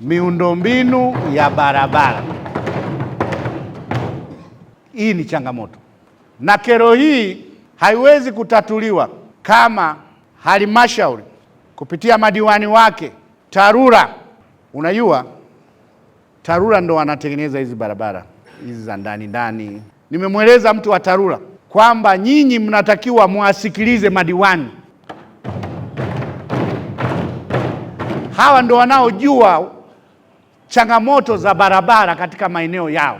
miundombinu ya barabara. Hii ni changamoto na kero hii haiwezi kutatuliwa kama halmashauri kupitia madiwani wake, TARURA. Unajua, TARURA ndo wanatengeneza hizi barabara hizi za ndani ndani. Nimemweleza mtu wa TARURA kwamba nyinyi mnatakiwa mwasikilize madiwani, hawa ndo wanaojua changamoto za barabara katika maeneo yao.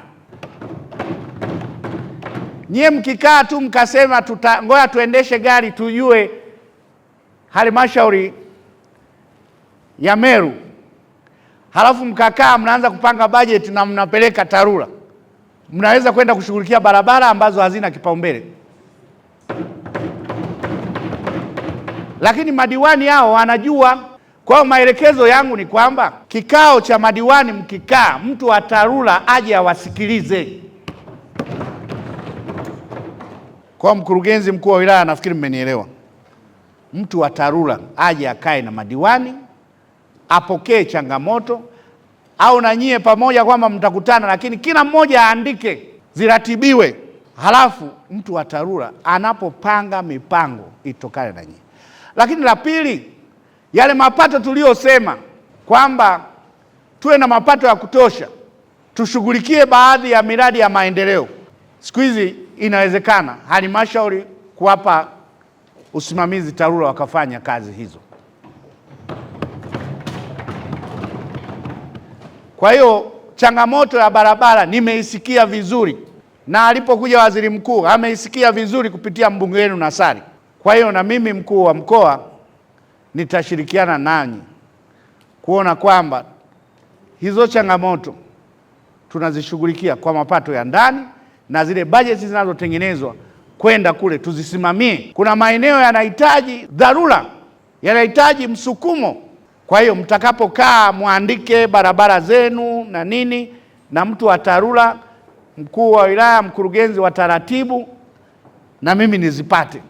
Nyie mkikaa tu mkasema ngoja tuendeshe gari tujue halmashauri ya Meru, halafu mkakaa mnaanza kupanga bajeti na mnapeleka TARURA, mnaweza kwenda kushughulikia barabara ambazo hazina kipaumbele. Lakini madiwani hao wanajua kwa hiyo maelekezo yangu ni kwamba kikao cha madiwani mkikaa, mtu wa TARURA aje awasikilize. Kwa mkurugenzi mkuu wa wilaya, nafikiri mmenielewa. Mtu wa TARURA aje akae na madiwani, apokee changamoto, au na nyie pamoja kwamba mtakutana, lakini kila mmoja aandike, ziratibiwe, halafu mtu wa TARURA anapopanga mipango itokane na nyie. Lakini la pili yale mapato tuliyosema kwamba tuwe na mapato ya kutosha, tushughulikie baadhi ya miradi ya maendeleo. Siku hizi inawezekana halmashauri kuwapa usimamizi TARURA wakafanya kazi hizo. Kwa hiyo changamoto ya barabara nimeisikia vizuri, na alipokuja waziri mkuu ameisikia vizuri kupitia mbunge wenu nasari Kwa hiyo na mimi mkuu wa mkoa nitashirikiana nanyi kuona kwamba hizo changamoto tunazishughulikia kwa mapato ya ndani na zile bajeti zinazotengenezwa kwenda kule tuzisimamie. Kuna maeneo yanahitaji dharura, yanahitaji msukumo. Kwa hiyo mtakapokaa mwandike barabara zenu na nini, na mtu wa TARURA, mkuu wa wilaya, mkurugenzi wa taratibu, na mimi nizipate.